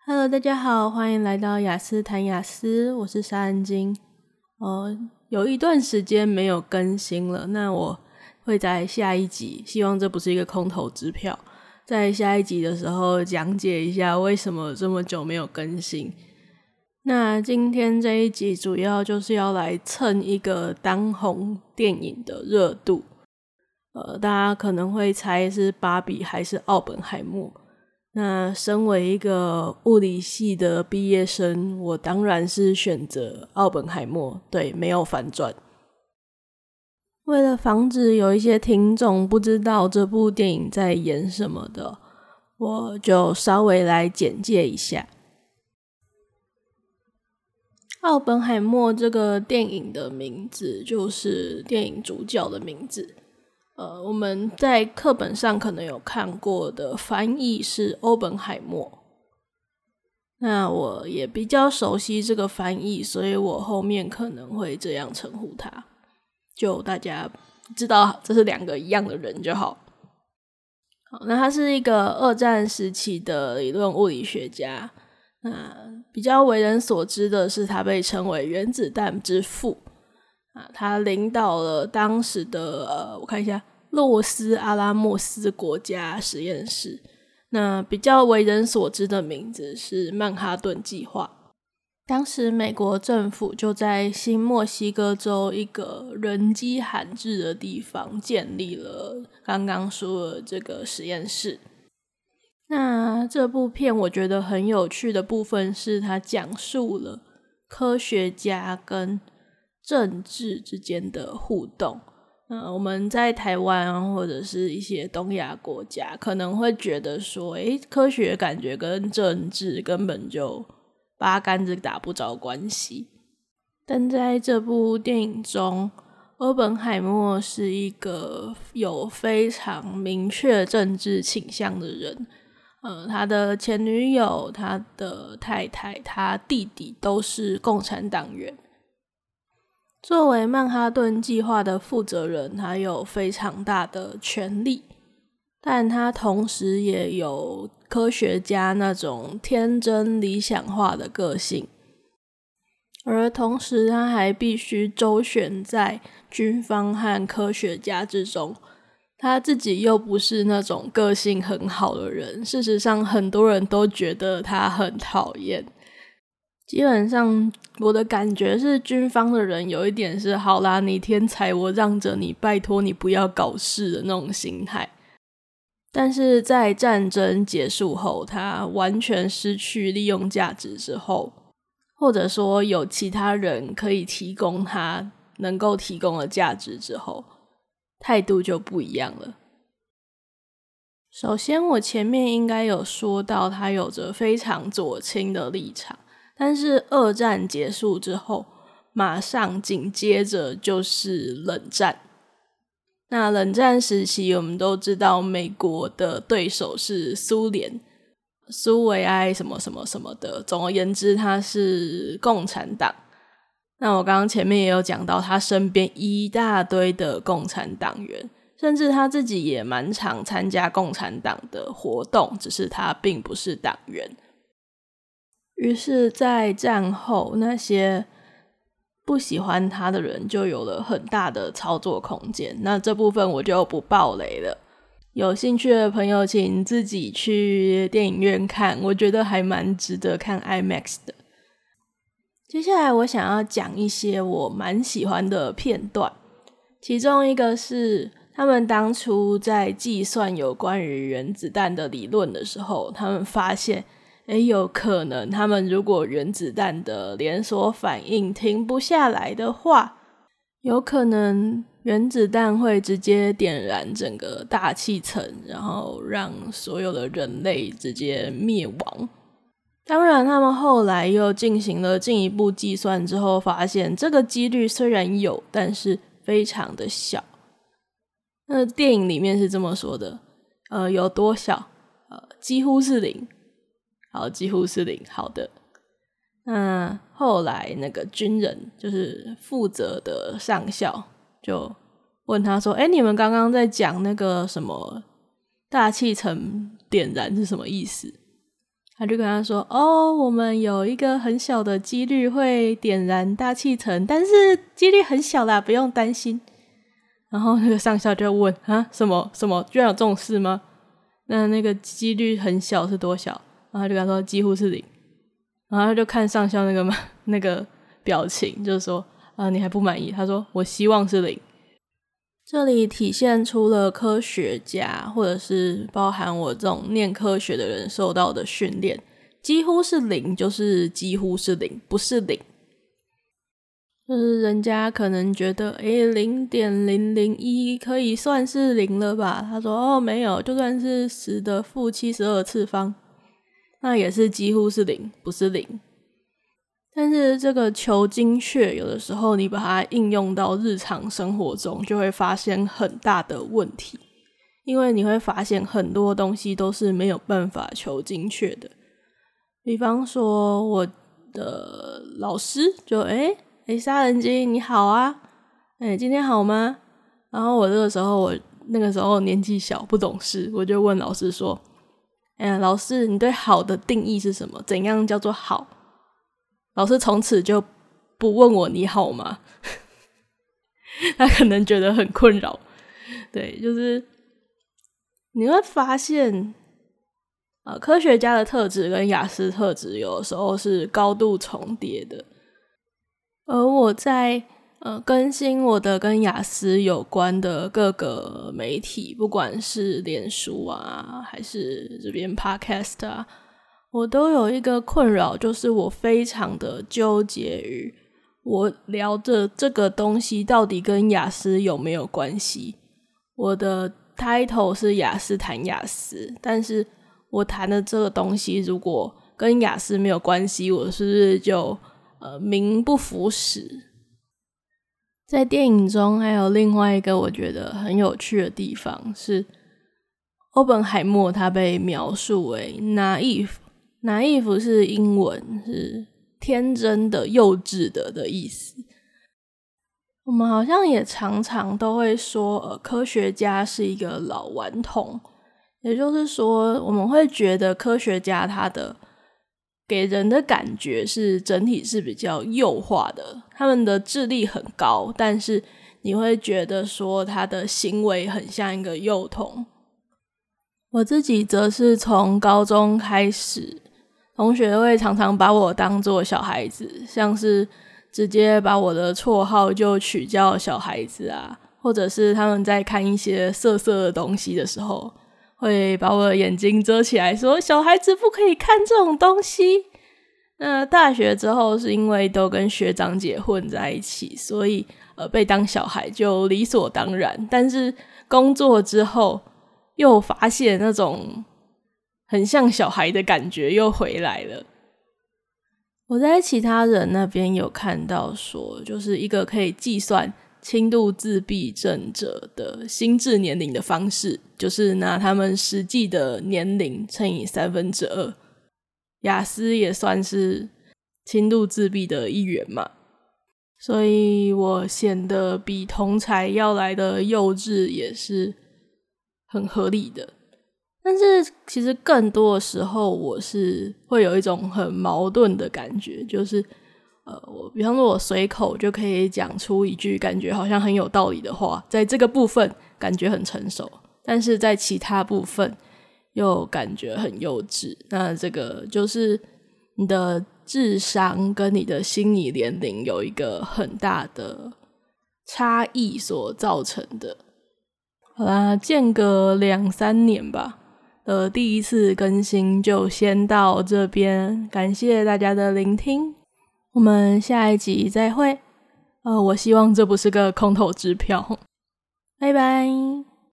哈嘍，Hello, 大家好，歡迎來到亞斯談亞斯，我是沙恩金。哦、呃，有一段時間沒有更新了，那我會在下一集，希望這不是一個空頭支票，在下一集的時候講解一下為什麼這麼久沒有更新。那今天這一集主要就是要來蹭一個當紅電影的熱度，呃，大家可能會猜是《芭比》還是《奧本海默》。那身為一個物理系的畢業生，我當然是選擇奧本海默。對，沒有反轉。為了防止有一些聽眾不知道這部電影在演什麼的，我就稍微來簡介一下。奧本海默這個電影的名字，就是電影主角的名字。呃，我們在課本上可能有看過的翻譯是歐本海默，那我也比較熟悉這個翻譯，所以我後面可能會這樣稱呼他，就大家知道這是兩個一樣的人就好。好，那他是一個二戰時期的理論物理學家，那比較為人所知的是他被稱為原子彈之父。他領導了當時的，呃，我看一下，洛斯阿拉莫斯國家實驗室。那比較為人所知的名字是曼哈頓計劃。當時美國政府就在新墨西哥州一個人跡罕至的地方建立了剛剛說的這個實驗室。那這部片我覺得很有趣的部分是，他講述了科學家跟政治之間的互動，嗯，我們在台灣或者是一些東亞國家可能會覺得說，誒，科學感覺跟政治根本就八竿子打不着關係。但在這部電影中，奧本海默是一個有非常明確政治傾向的人，呃，他的前女友、他的太太、他弟弟都是共產黨員。作為曼哈頓計劃的負責人，他有非常大的權力，但他同時也有科學家那種天真理想化的個性，而同時他還必須周旋在軍方和科學家之中，他自己又不是那種個性很好的人，事實上，很多人都覺得他很討厭。基本上，我的感覺是，軍方的人有一點是：好啦，你天才，我讓着你，拜托你不要搞事的那種心態。但是在戰爭結束後，他完全失去利用價值之後，或者說有其他人可以提供他能夠提供的價值之後，態度就不一樣了。首先，我前面應該有說到，他有着非常左傾的立場。但是二戰結束之後，馬上緊接着就是冷戰。那冷戰時期，我們都知道美國的對手是蘇聯、蘇維埃什麼什麼什麼的。總而言之，他是共產黨。那我剛剛前面也有講到，他身邊一大堆的共產黨員，甚至他自己也蠻常參加共產黨的活動，只是他並不是黨員。於是，在戰後，那些不喜歡他的人就有了很大的操作空間。那這部分我就不爆雷了。有興趣的朋友，請自己去電影院看，我覺得還蠻值得看 IMAX 的。接下來，我想要講一些我蠻喜歡的片段，其中一個是他們當初在計算有關於原子彈的理論的時候，他們發現。也有可能，他們如果原子彈的連鎖反應停不下來的話，有可能原子彈會直接點燃整個大氣層，然後讓所有的人類直接滅亡。當然，他們後來又進行了進一步計算之後，發現這個幾率雖然有，但是非常的小。那電影裡面是這麼說的，呃，有多小？呃，幾乎是零。好，幾乎是零。好的，那後來那個軍人，就是負責的上校，就問他說：“哎、欸，你們剛剛在講那個什麼大氣層點燃是什麼意思？”他就跟他說：“哦，我們有一個很小的幾率會點燃大氣層，但是幾率很小啦，不用擔心。”然後那個上校就問：“啊，什麼什麼？居然有這種事嗎？那那個幾率很小是多小？”然後他，就跟他說幾乎是零，然後他就看上校那個那個表情，就是說啊、呃、你還不滿意？他說我希望是零。這裡體現出了科學家或者是包含我這種念科學的人受到的訓練，幾乎是零就是幾乎是零，不是零，就是人家可能覺得誒，零點零零一可以算是零了吧？他說哦沒有，就算是十的負七十二次方。那也是幾乎是零，不是零。但是這個求精確，有的時候你把它應用到日常生活中，就會發現很大的問題，因為你會發現很多東西都是沒有辦法求精確的。比方說，我的老師就哎哎，殺人機你好啊，哎，今天好嗎？然後我這個時候，我那個時候年紀小，不懂事，我就問老師說。嗯，老師，你對“好”的定義是什麼？怎樣叫做好？老師從此就不問我你好嗎？ 他可能覺得很困擾。對，就是你會發現，啊，科學家的特質跟亞斯特質有的時候是高度重疊的，而我在。呃，更新我的跟亞斯有關的各個媒體，不管是臉書啊，還是這邊 Podcast 啊，我都有一個困擾，就是我非常的糾結於我聊的這個東西到底跟亞斯有沒有關係。我的 title 是亞斯談亞斯，但是我談的這個東西如果跟亞斯沒有關係，我是不是就呃名不符實？在電影中，還有另外一個我覺得很有趣的地方是，歐本海默他被描述為 “naive”，“naive” 是英文，是天真的、幼稚的的意思。我們好像也常常都會說，呃，科學家是一個老頑童，也就是說，我們會覺得科學家他的。給人的感覺是整體是比較幼化的，他們的智力很高，但是你會覺得說他的行為很像一個幼童。我自己則是從高中開始，同學會常常把我當做小孩子，像是直接把我的綽號就取叫小孩子啊，或者是他們在看一些色色的東西的時候，會把我的眼睛遮起來，說小孩子不可以看這種東西。那大學之後，是因為都跟學長姐混在一起，所以呃，被當小孩就理所當然。但是工作之後，又發現那種很像小孩的感覺又回來了。我在其他人那邊有看到說，就是一個可以計算。輕度自閉症者的心智年齡的方式，就是拿他們實際的年齡乘以三分之二。亞斯也算是輕度自閉的一員嘛，所以我顯得比同儕要來的幼稚，也是很合理的。但是其實更多的時候，我是會有一種很矛盾的感覺，就是。呃，我比方說，我隨口就可以講出一句感覺好像很有道理的話，在這個部分感覺很成熟，但是在其他部分又感覺很幼稚。那這個就是你的智商跟你的心理年齡有一個很大的差異所造成的。好啦，間隔兩三年吧。呃，第一次更新就先到這邊，感謝大家的聆聽。我們下一集再會，呃，我希望這不是個空頭支票，拜拜。